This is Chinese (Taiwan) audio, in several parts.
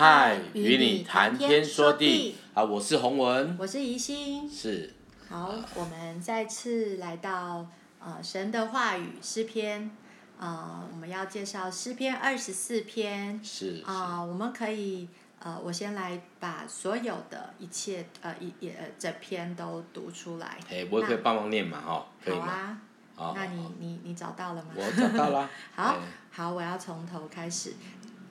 嗨，與你談天說地，Hi, 天說地，說地啊！我是洪文，我是怡心，是。好，呃、我們再次來到、呃、神的話語詩篇、呃，我們要介紹詩篇二十四篇，是啊、呃、我們可以、呃，我先來把所有的一切呃一也、也整篇都讀出來。誒，我也可以幫忙念嘛？吼，喔、嗎好啊，那你你你找到了嗎？我找到了、啊。好、欸、好，我要從頭開始，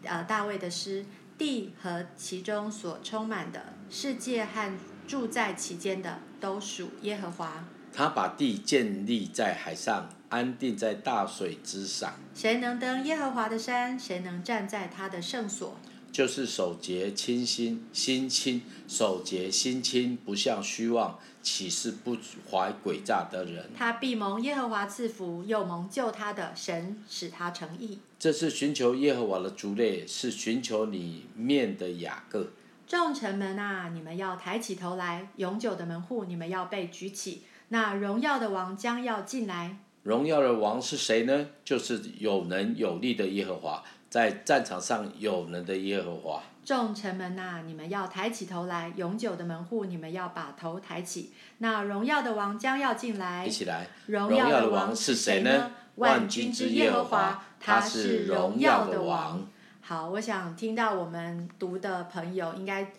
呃大衛的詩。地和其中所充滿的世界，和住在其間的，都屬耶和華。他把地建立在海上，安定在大水之上。誰能登耶和華的山？誰能站在他的聖所？就是手潔、清心、心清、手潔、心清，不向虛妄。起誓不懷詭詐的人。他必蒙耶和華賜福，又蒙救他的神使他成義。這是尋求耶和華的族類，是尋求你面的雅各。眾城門啊，你們要抬起頭來，永久的門戶，你們要被舉起。那榮耀的王將要進來。榮耀的王是誰呢？就是有能有力的耶和華，在戰場上有能的耶和華。眾城門吶、啊，你們要抬起頭來。永久的門戶，你們要把頭抬起。那榮耀的王將要進來。一起來。榮耀的王，榮耀的王是誰呢？萬軍之耶和華，他是榮耀的王。好，我想聽到我們讀的朋友，應該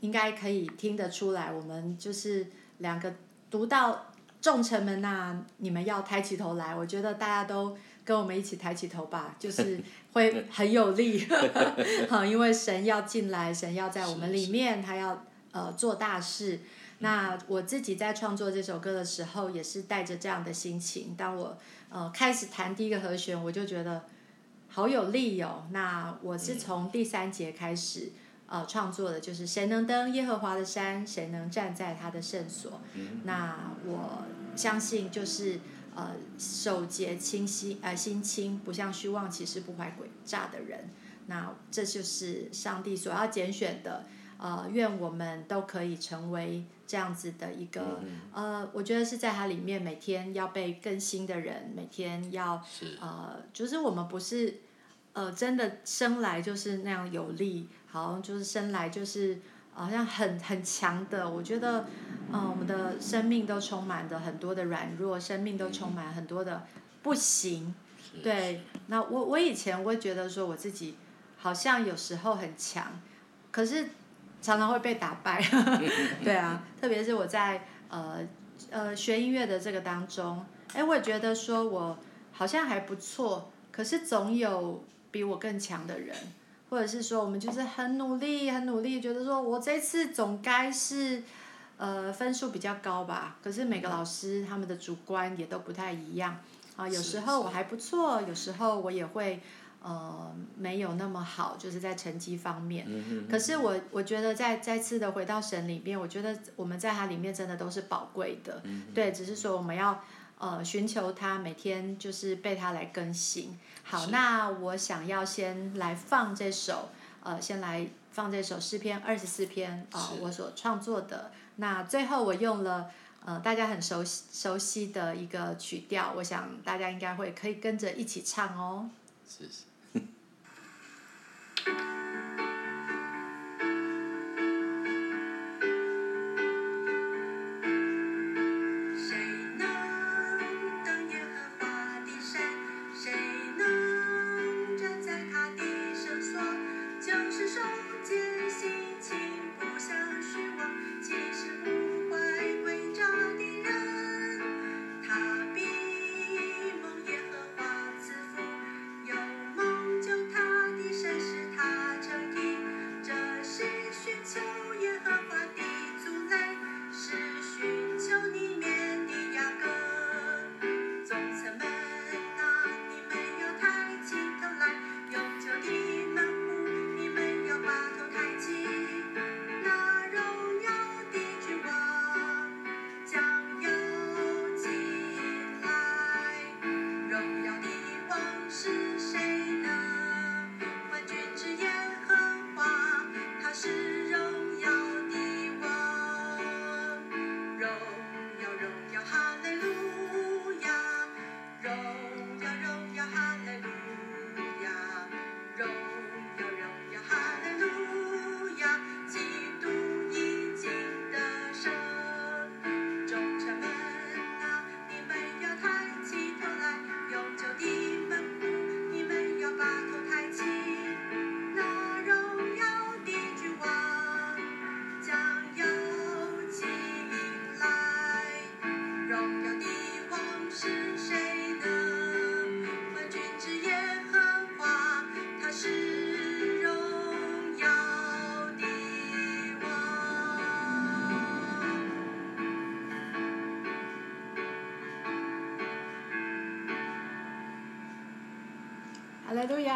應該可以聽得出來，我們就是兩個讀到眾城門吶、啊，你們要抬起頭來。我覺得大家都。跟我們一起抬起頭吧，就是會很有力 好，因為神要進來，神要在我們裡面，他要呃做大事。嗯、那我自己在創作這首歌的時候，也是帶着這樣的心情。當我呃開始彈第一個和弦，我就覺得好有力喲、哦。那我是從第三節開始、嗯、呃創作的，就是誰能登耶和華的山，誰能站在他的聖所。嗯嗯，那我相信就是。呃，手潔心清，呃，心清不向虛妄，起誓不懷詭詐的人，那這就是上帝所要揀選的。呃，願我們都可以成為這樣子的一個，嗯、呃，我覺得是在他裡面每天要被更新的人，每天要是呃，就是我們不是呃，真的生來就是那樣有力，好像就是生來就是。好像很很強的，我覺得，嗯、呃，我們的生命都充滿着很多的軟弱，生命都充滿很多的不行。Okay. 對，那我我以前我會覺得說我自己好像有時候很強，可是常常會被打敗。Okay. 對啊，特別是我在呃呃學音樂的這個當中，哎、欸，我也覺得說我好像還不錯，可是總有比我更強的人。或者是說，我們就是很努力，很努力，覺得說我這次總該是，呃，分數比較高吧。可是每個老師他們的主觀也都不太一樣啊。有時候我還不錯，有時候我也會呃沒有那麼好，就是在成績方面。可是我我覺得再再，再次的回到神裡面，我覺得我們在他裡面真的都是寶貴的。對，只是說我們要。呃，尋求他每天就是被他來更新。好，是那我想要先來放這首，呃，先來放這首詩篇二十四篇，呃，的我所創作的。那最後我用了，呃，大家很熟悉熟悉的一個曲調，我想大家應該會可以跟着一起唱哦。謝謝是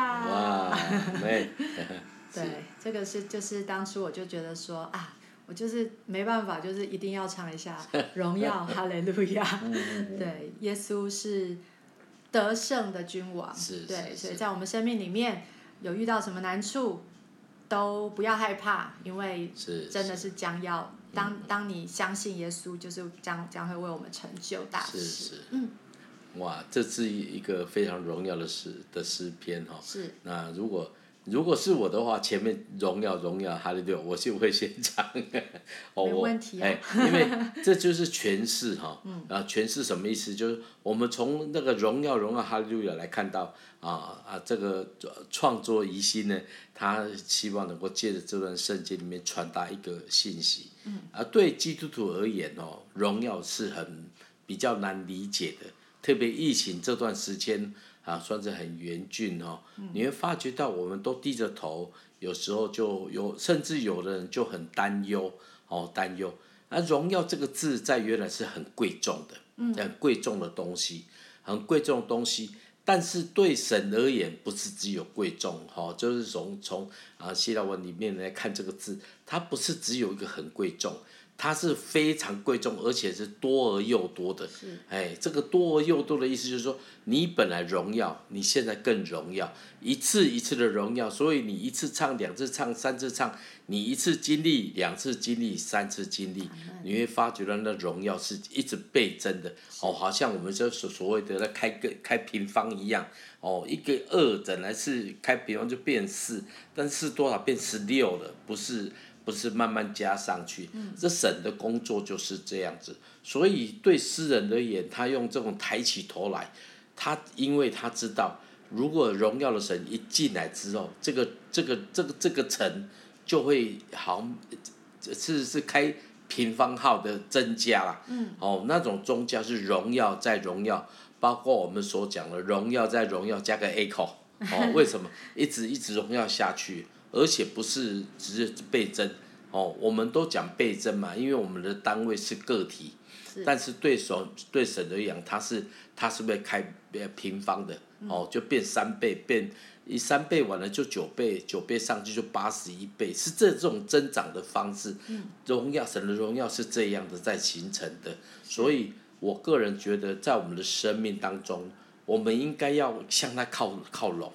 哇！美 對，是這個是就是當初我就覺得說啊，我就是沒辦法，就是一定要唱一下《榮耀哈利路亞。》 嗯、mm hmm. 對，耶穌是得勝的君王。是，是，是。對，所以在我們生命裡面，有遇到什麼難處，都不要害怕，因為是真的是將要是是當當你相信耶穌，就是將將會為我們成就大事。是是嗯。哇，這是一一個非常榮耀的詩的詩篇，哦，哈。是。那，啊，如果如果是我的話，前面榮耀榮耀哈利路我就會先唱。呵呵沒問題，啊。哎、哦欸，因為這就是詮釋哈。嗯。 啊，詮釋什麼意思？就是我們從那個榮耀榮耀哈利路亞來看到啊啊，這個創作疑心呢，他希望能夠借着這段聖經裡面傳達一個信息。嗯。啊，對基督徒而言哦，榮耀是很比較難理解的。特別疫情這段時間啊，算是很嚴峻哦。你會發覺到，我們都低着頭，有時候就有，甚至有的人就很擔憂，哦，擔憂。啊，榮耀這個字在原來是很貴重的，很貴重的東西，很貴重的東西。但是對神而言，不是只有貴重，哈，就是從從啊希臘文裡面來看這個字，它不是只有一個很貴重。它是非常貴重，而且是多而又多的。是哎，這個多而又多的意思就是說，你本來榮耀，你現在更榮耀，一次一次的榮耀，所以你一次唱、兩次唱、三次唱，你一次經歷、兩次經歷、三次經歷，你會發覺到那榮耀是一直倍增的。是哦，好像我們所所謂的那開個開平方一樣。哦，一個二本來是開平方就變四，但是多少變十六了，不是。不是慢慢加上去，嗯、這神的工作就是這樣子，所以對詩人而言，他用這種抬起頭來，他因為他知道，如果榮耀的神一進來之後，這個這個這個這個城就會好，這是，是開平方號的增加啦。嗯、哦，那種宗教是榮耀再榮耀，包括我們所講的榮耀再榮耀加個 echo，哦，為什麼一直 一直榮耀下去？而且不是只是倍增哦，我們都講倍增嘛，因為我們的單位是個體，是但是對手對神的講，他是他是會開平方的哦，就變三倍，變一三倍完了就九倍，九倍上去就八十一倍，是這種增長的方式。嗯，榮耀神的榮耀是這樣的在形成的，是所以我個人覺得在我們的生命當中，我們應該要向他靠靠攏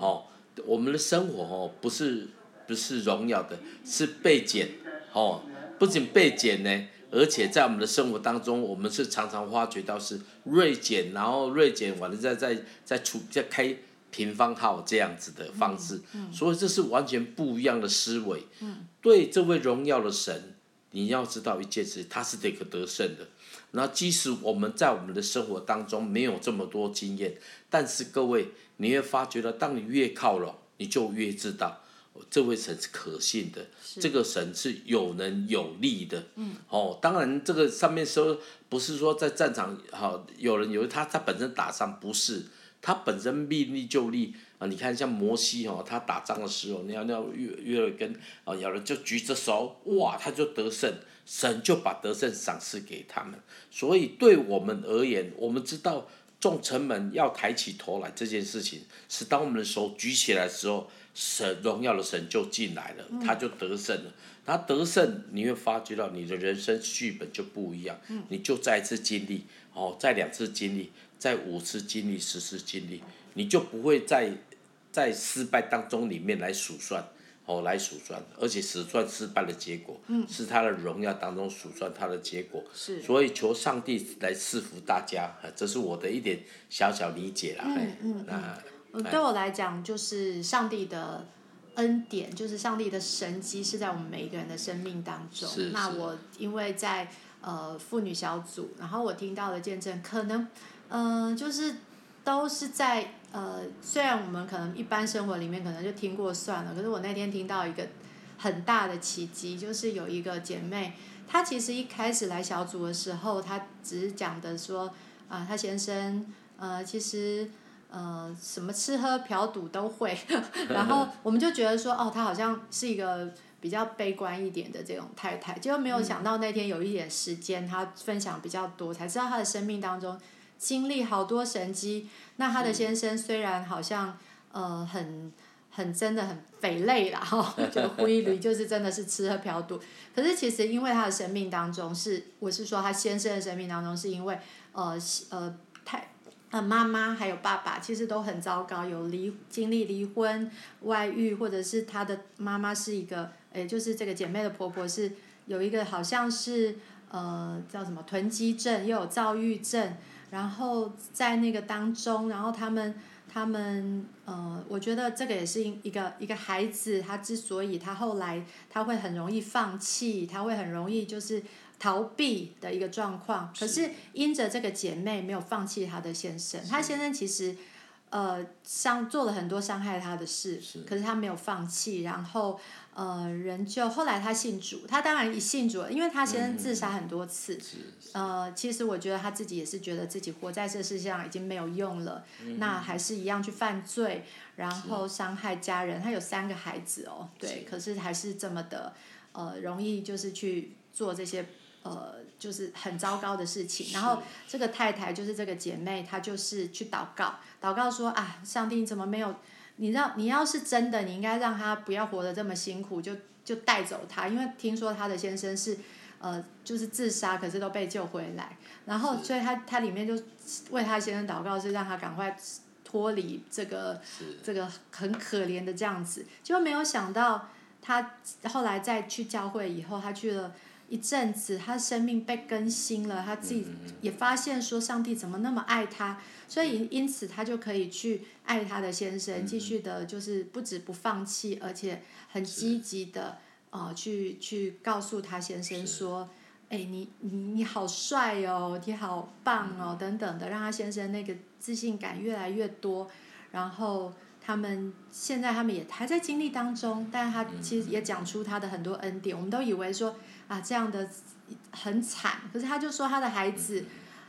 哦。嗯我們的生活哦，不是不是榮耀的，是被減哦。不僅被減呢，而且在我們的生活當中，我們是常常發覺到是銳減，然後銳減完了再再再除再開平方號這樣子的方式。嗯嗯。所以這是完全不一樣的思維。嗯。對這位榮耀的神，你要知道一件事，他是得可得勝的。那即使我們在我們的生活當中沒有這麼多經驗，但是各位。你會發覺到，當你越靠了，你就越知道，哦、這位神是可信的，是這個神是有能有力的。嗯、哦，當然這個上面說不是說在戰場、哦、有人有他他本身打仗不是，他本身命力就力啊、哦！你看像摩西、哦、他打仗的時候，你要那約約了根，哦，有人就舉着手，哇，他就得勝，神就把得勝賞賜給他們。所以對我們而言，我們知道。眾城門要抬起頭來這件事情，是當我們的手舉起來的時候，神，榮耀的神就進來了，他、嗯、就得勝了。他得勝，你會發覺到你的人生劇本就不一樣，嗯、你就再一次經歷，哦，再兩次經歷，再五次經歷，十次經歷，你就不會在在失敗當中裡面來數算。哦，來數算，而且死算失敗的結果，嗯、是他的榮耀當中數算他的結果，是所以求上帝來賜福大家。呃，這是我的一點小小理解啦。嗯嗯，那嗯，對我來講，就是上帝的恩典，就是上帝的神蹟，是在我們每一個人的生命當中。是。是，那我因為在呃婦女小組，然後我聽到的見證，可能嗯、呃、就是都是在。呃，雖然我們可能一般生活裡面可能就聽過算了，可是我那天聽到一個很大的奇蹟，就是有一個姐妹，她其實一開始來小組的時候，她只是講的說，啊、呃，她先生，呃，其實，呃，什麼吃喝嫖賭都會，然後我們就覺得說，哦，她好像是一個比較悲觀一點的這種太太，就沒有想到那天有一點時間，她分享比較多，才知道她的生命當中。經歷好多神蹟，那她的先生雖然好像、嗯、呃很很真的很匪類啦，哈，就規律就是真的是吃喝嫖賭。可是其實因為他的生命當中是，我是說他先生的生命當中是因為呃呃太，呃媽媽還有爸爸其實都很糟糕，有離經歷離婚、外遇，或者是他的媽媽是一個，哎就是這個姐妹的婆婆是有一個好像是呃叫什麼囤積症，又有躁鬱症。然後在那個當中，然後他們他們呃，我覺得這個也是一個一個孩子，他之所以他後來他會很容易放棄，他會很容易就是逃避的一個狀況。可是因着這個姐妹沒有放棄他的先生，是他先生其實呃，傷做了很多傷害他的事，是可是他沒有放棄。然後。呃，人就後來他信主，他當然一信主，因為他先自殺很多次。嗯嗯、呃，其實我覺得他自己也是覺得自己活在這世界上已經沒有用了，嗯、那還是一樣去犯罪，然後傷害家人。是他有三個孩子哦，對，是可是還是這麼的，呃，容易就是去做這些呃，就是很糟糕的事情。是然後這個太太就是這個姐妹，她就是去禱告，禱告說啊，上帝你怎麼沒有？你讓你要是真的，你應該讓他不要活得這麼辛苦，就就帶走他。因為聽說他的先生是，呃，就是自殺，可是都被救回來。然後，所以他他裡面就為他先生禱告，是讓他趕快脫離這個是這個很可憐的這樣子。就沒有想到他後來再去教會以後，他去了。一陣子，他生命被更新了，他自己也發現說，上帝怎麼那麼愛他，所以因此他就可以去愛他的先生，繼續的，就是不止不放棄，而且很積極的啊是、呃，去去告訴他先生說，哎是、欸，你你你好帥哦，你好棒哦，嗯、等等的，讓他先生那個自信感越來越多。然後他們現在他們也還在經歷當中，但他其實也講出他的很多恩典，我們都以為說。啊，這樣的很慘，可是他就說他的孩子，嗯、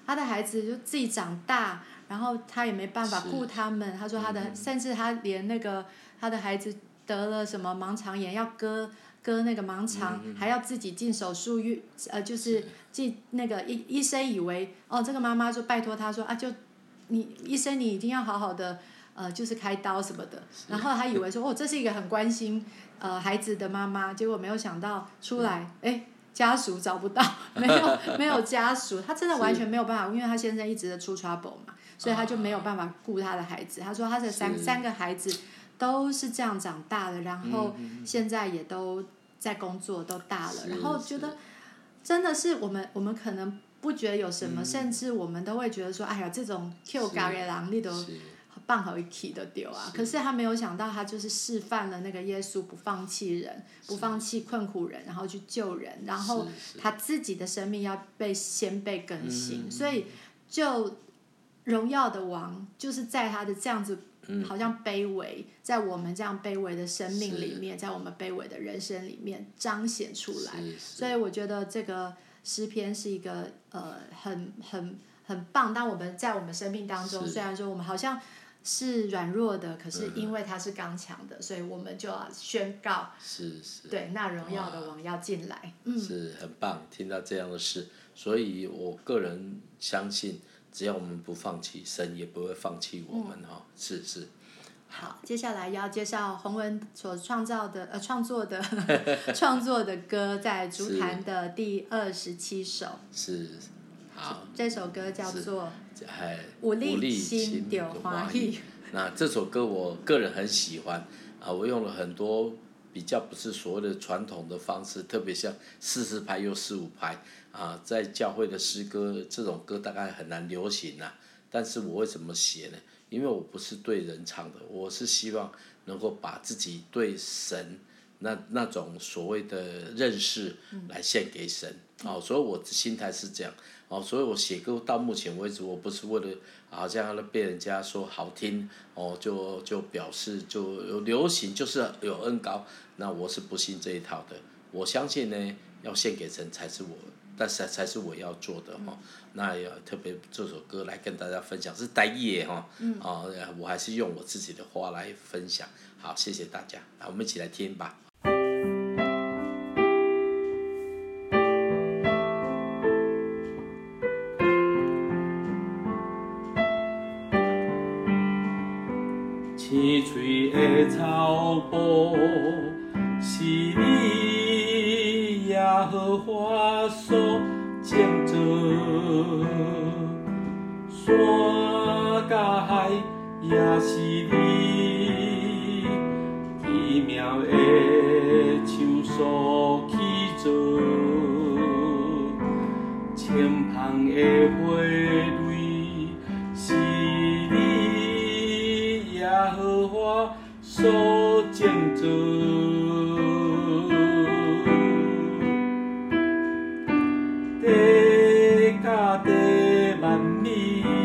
他的孩子就自己長大，然後他也沒辦法顧他們。是他說他的，嗯、甚至他連那個他的孩子得了什麼盲腸炎，要割割那個盲腸，嗯、還要自己進手術、嗯、呃，就是進是那個醫醫生以為，哦，這個媽媽就拜託他說啊，就你醫生你一定要好好的。呃，就是開刀什麼的，然後他以為說哦，這是一個很關心呃孩子的媽媽，結果沒有想到出來，哎是，家屬找不到，沒有 沒有家屬，他真的完全沒有辦法，是因為他現在一直在出 trouble 嘛，所以他就沒有辦法顧他的孩子。Uh huh. 他說他這三是三個孩子都是這樣長大的，然後現在也都在工作，都大了， 然後覺得真的是我們我們可能不覺得有什麼， 甚至我們都會覺得說，哎呀，這種 Q 高的能力都。是就棒頭一提都丟啊。是，可是他沒有想到，他就是示範了那個耶穌不放棄人，是不放棄困苦人，然後去救人，然後他自己的生命要被先被更新。是，是所以，就榮耀的王就是在他的這樣子，好像卑微，嗯、在我們這樣卑微的生命裡面，是在我們卑微的人生裡面彰顯出來。是，是所以，我覺得這個詩篇是一個呃很很很棒。當我們在我們生命當中，是雖然說我們好像。是軟弱的，可是因為他是剛強的，嗯、所以我們就要宣告：是是，對，那榮耀的王要進來，哇嗯，是很棒。聽到這樣的事，所以我個人相信，只要我們不放棄，神也不會放棄我們哈、嗯哦。是是。好，接下來要介紹洪文所創造的呃創作的 創作的歌，在《足壇》的第二十七首是。是。啊，這首歌叫做《無、哎、力心》對華裔。那這首歌我個人很喜歡啊，我用了很多比較不是所謂的傳統的方式，特別像四十拍又四五拍啊，在教會的詩歌這種歌大概很難流行吶、啊。但是我為什麼寫呢？因為我不是對人唱的，我是希望能夠把自己對神那那種所謂的認識來獻給神哦、嗯啊，所以我的心態是這樣。哦，所以我寫歌到目前為止，我不是為了好像被人家說好聽，哦，就就表示就有流行，就是有恩膏。那我是不信這一套的，我相信呢，要獻給神才是我，但是才，才是我要做的哈。哦嗯、那也要特別這首歌來跟大家分享，是待業的哈。啊、哦嗯哦，我還是用我自己的話來分享。好，謝謝大家，我們一起來聽吧。山甲海也是你，奇妙的手所去做，清香的花蕊是你也和我所種植，帝你。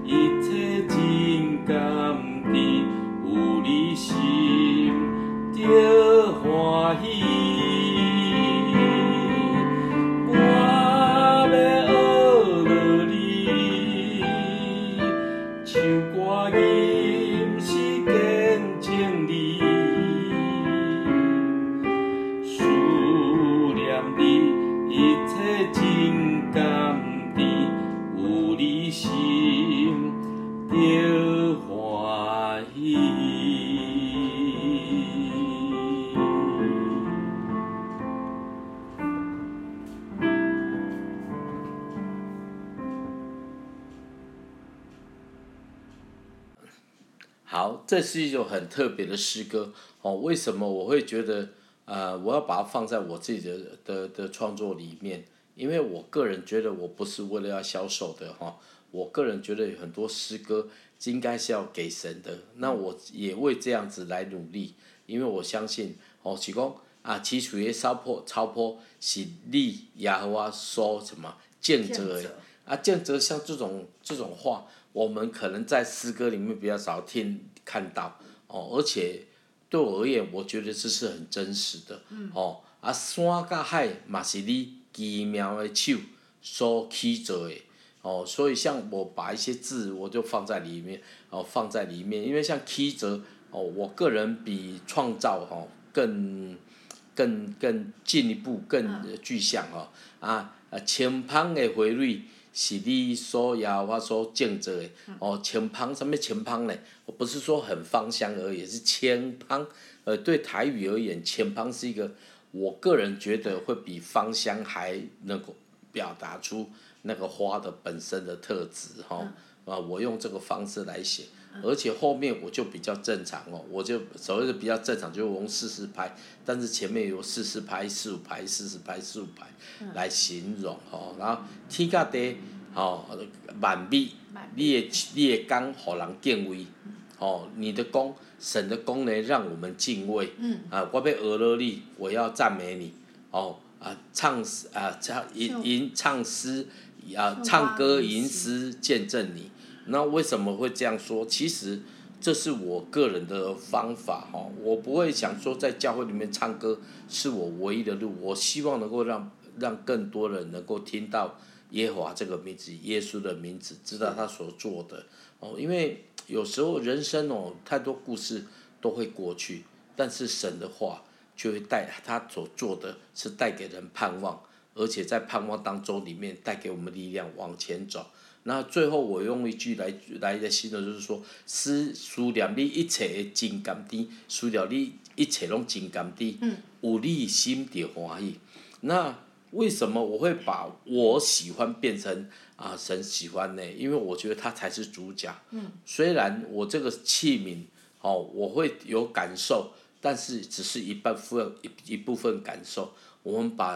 好，這是一種很特別的詩歌，哦，為什麼我會覺得，啊、呃，我要把它放在我自己的的的創作裡面？因為我個人覺得，我不是為了要銷售的，哈，我個人覺得很多詩歌應該是要給神的，嗯、那我也為這樣子來努力，因為我相信，哦，是講啊，起初耶沙坡，掃坡是你雅和瓦說什麼？見者。啊，見者像這種這種話。我們可能在詩歌裡面比較少聽看到哦，而且對我而言，我覺得這是很真實的、嗯、哦。啊，山跟海嘛是你奇妙的手所曲折的哦，所以像我把一些字，我就放在裡面，哦，放在裡面，因為像曲折哦，我個人比創造哦更更更進一步更具象哦啊、嗯、啊，輕飄的回蕊。是你所呀或所見着的、嗯、哦，清芳，什麼清芳呢？我不是說很芳香而已，是清芳。呃，對台語而言，清芳是一個，我個人覺得會比芳香還能夠表達出那個花的本身的特質哈。哦嗯、啊，我用這個方式來寫。而且後面我就比較正常哦、喔，我就所謂的比較正常，就是我用四四拍，但是前面有四四拍、四五拍、四四拍、四五拍嗯嗯，來形容哦、喔。然後天高地，哦，萬米，你的你的功讓人敬畏，哦，你的功神的功呢讓我們敬畏。嗯。啊，我要歌羅你，我要讚美你，哦啊，唱詩啊，唱吟吟唱詩啊，唱歌吟詩見證你。那為什麼會這樣說？其實這是我個人的方法哦，我不會想說在教會裡面唱歌是我唯一的路。我希望能夠讓讓更多人能夠聽到耶和華這個名字、耶穌的名字，知道他所做的。哦，因為有時候人生哦，太多故事都會過去，但是神的話就會帶，他所做的是帶給人盼望，而且在盼望當中裡面帶給我們力量往前走。那最後我用一句來來的形容，就是說，思思念你一切的真甘甜，思念你一切攏真甘甜，有你、嗯、心的歡喜。那為什麼我會把我喜歡變成啊神喜歡呢？因為我覺得他才是主角。嗯。雖然我這個器皿哦，我會有感受，但是只是一半份一一部分感受。我們把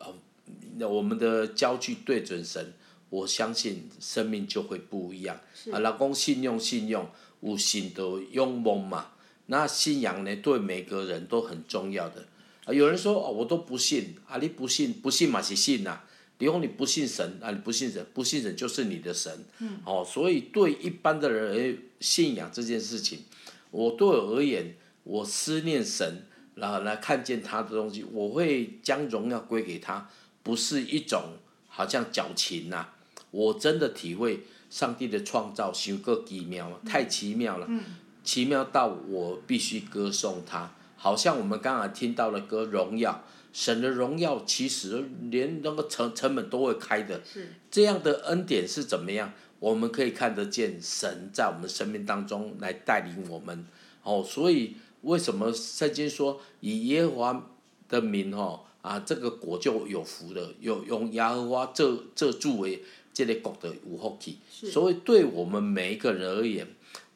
呃，我們的焦距對準神。我相信生命就會不一樣。是啊，若信，信用，信用，有信的勇猛嘛。那信仰呢，對每個人都很重要的。啊，有人說哦，我都不信。啊，你不信，不信嘛是信吶、啊。比如你不信神，啊你不信神，不信神就是你的神。嗯、哦，所以對一般的人而言，信仰這件事情，我對我而言，我思念神，然後來看見他的東西，我會將榮耀歸給他，不是一種好像矯情吶、啊。我真的體會上帝的創造，是個奇妙，太奇妙了，奇妙到我必須歌頌他。好像我們剛剛聽到的歌《榮耀》，神的榮耀，其實連那個成成本都會開的。這樣的恩典是怎麼樣？我們可以看得見神在我們生命當中來帶領我們。哦，所以為什麼聖經說以耶和華的名哦啊，這個國就有福了，有用耶和華這這作為。這個國的有福氣，是所以對我們每一個人而言，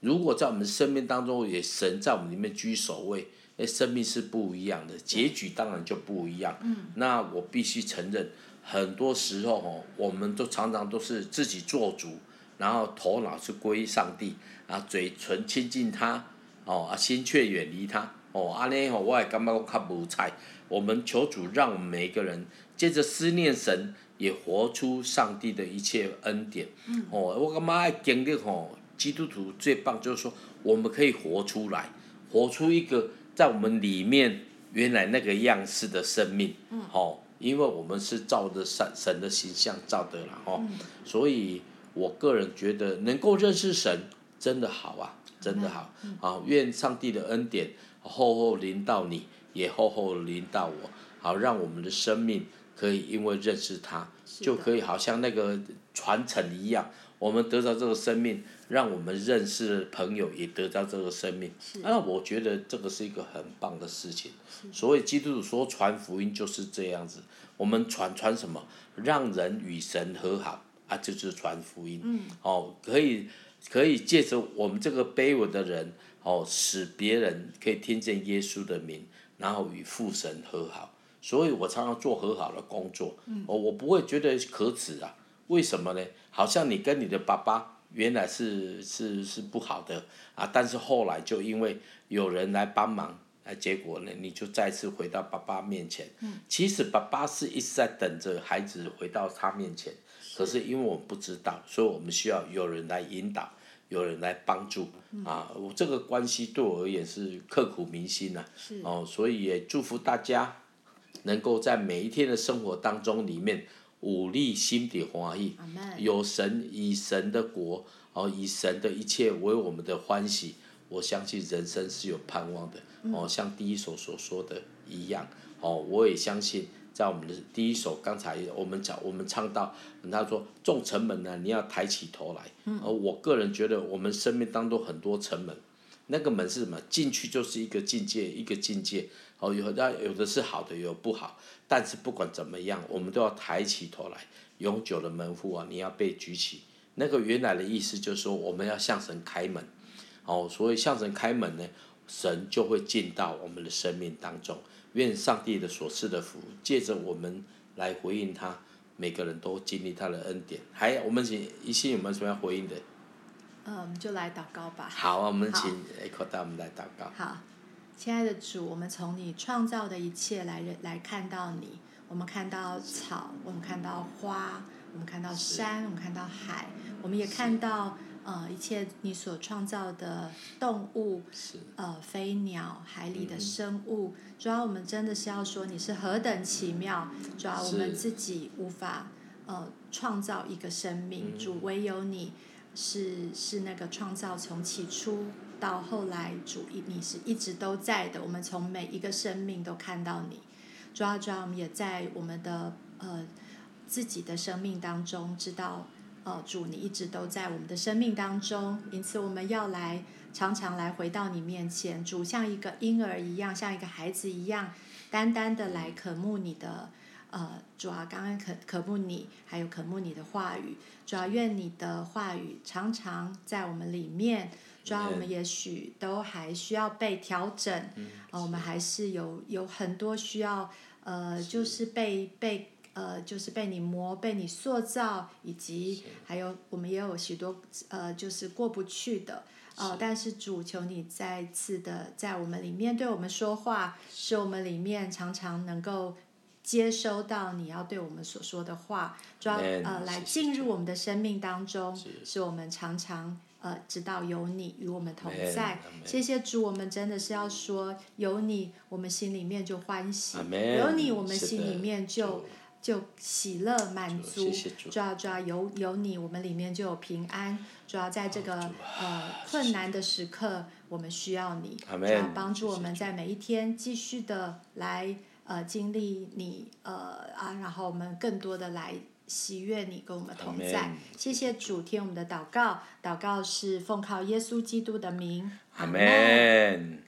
如果在我們生命當中有神在我們裡面居首位，那生命是不一樣的，結局當然就不一樣。嗯、那我必須承認，很多時候吼、哦，我們都常常都是自己做主，然後頭腦是歸上帝，然後嘴唇親近他，哦，啊，心卻遠離他，哦，安尼吼，我也感覺我較無彩。我們求主讓我們每一個人接着思念神。也活出上帝的一切恩典，嗯、哦，我感覺哎，經歷吼、哦，基督徒最棒就是說，我們可以活出來，活出一個在我們裡面原來那個樣式的生命，嗯、哦，因為我們是照着神神的形象照的啦哦，嗯、所以我個人覺得能夠認識神真的好啊，真的好，嗯、啊，願上帝的恩典厚厚臨到你，也厚厚臨到我，好，讓我們的生命。可以，因為認識他，的就可以好像那個傳承一樣，我們得到這個生命，讓我們認識的朋友也得到這個生命。那的、啊、我覺得這個是一個很棒的事情。的所以基督徒說傳福音就是這樣子，我們傳傳什麼？讓人與神和好啊，就是傳福音。嗯、哦，可以可以借着我們這個卑微的人，哦，使別人可以聽見耶穌的名，然後與父神和好。所以，我常常做和好的工作，我、嗯哦、我不會覺得可恥啊。為什麼呢？好像你跟你的爸爸原來是是是不好的啊，但是後來就因為有人來幫忙，哎、啊，結果呢，你就再次回到爸爸面前。嗯，其實爸爸是一直在等着孩子回到他面前，是可是因為我們不知道，所以我們需要有人來引導，有人來幫助。嗯、啊，我這個關係對我而言是刻骨銘心啊。是哦，所以也祝福大家。能夠在每一天的生活當中裡面，努力，心底歡喜，有神以神的國，哦，以神的一切為我們的歡喜，我相信人生是有盼望的。哦，像第一首所說的一樣，哦，我也相信在我們的第一首，剛才我們唱到，我們唱到他說眾城門呢、啊，你要抬起頭來。而我個人覺得我們生命當中很多城門。那個門是什麼？進去就是一個境界，一個境界。哦，有的，有的是好的，有的不好。但是不管怎麼樣，我們都要抬起頭來。永久的門戶啊，你要被舉起。那個原來的意思就是說，我們要向神開門。哦，所以向神開門呢，神就會進到我們的生命當中。願上帝的所賜的福，借着我們來回應他。每個人都經歷他的恩典。還、哎、有我們一些有沒有什麼要回應的？嗯，就來禱告吧。好，好我們請艾科達，我們來禱告。好，親愛的主，我們從你創造的一切來來看到你。我們看到草，我們看到花，我們看到山，是我們看到海，我們也看到是呃一切你所創造的動物，是呃飛鳥、海裡的生物。嗯、主要我們真的是要說，你是何等奇妙！嗯、主要我們自己無法呃創造一個生命，嗯、主唯有你。是是那個創造，從起初到後來，主啊，你是一直都在的。我們從每一個生命都看到你，主啊，主啊，我們也在我們的呃自己的生命當中知道，呃、主你一直都在我們的生命當中，因此我們要來常常來回到你面前。主，像一個嬰兒一樣，像一個孩子一樣，單單的來渴慕你的。呃，主啊，剛剛渴渴慕你，還有渴慕你的話語，主啊，願你的話語常常在我們裡面。主啊，我們也許都還需要被調整，啊、嗯呃，我們還是有有很多需要，呃，是的就是被被呃，就是被你磨，被你塑造，以及的還有我們也有許多呃，就是過不去的。呃，是的但是主求你再次的在我們裡面對我們說話，是的使我們裡面常常能夠接收到你要對我們所說的話，主要呃來進入我們的生命當中，是我們常常呃知道有你與我們同在。謝謝主，我們真的是要說有你，我們心裡面就歡喜；有你，我們心裡面就就喜樂滿足。主要主要有有你，我們裡面就有平安。主要在這個呃困難的時刻，我們需要你，主要幫助我們在每一天繼續的來。呃，經歷你，呃啊，然後我們更多的來喜悅你跟我們同在，Amen. 謝謝主聽我們的禱告，禱告是奉靠耶穌基督的名，阿門。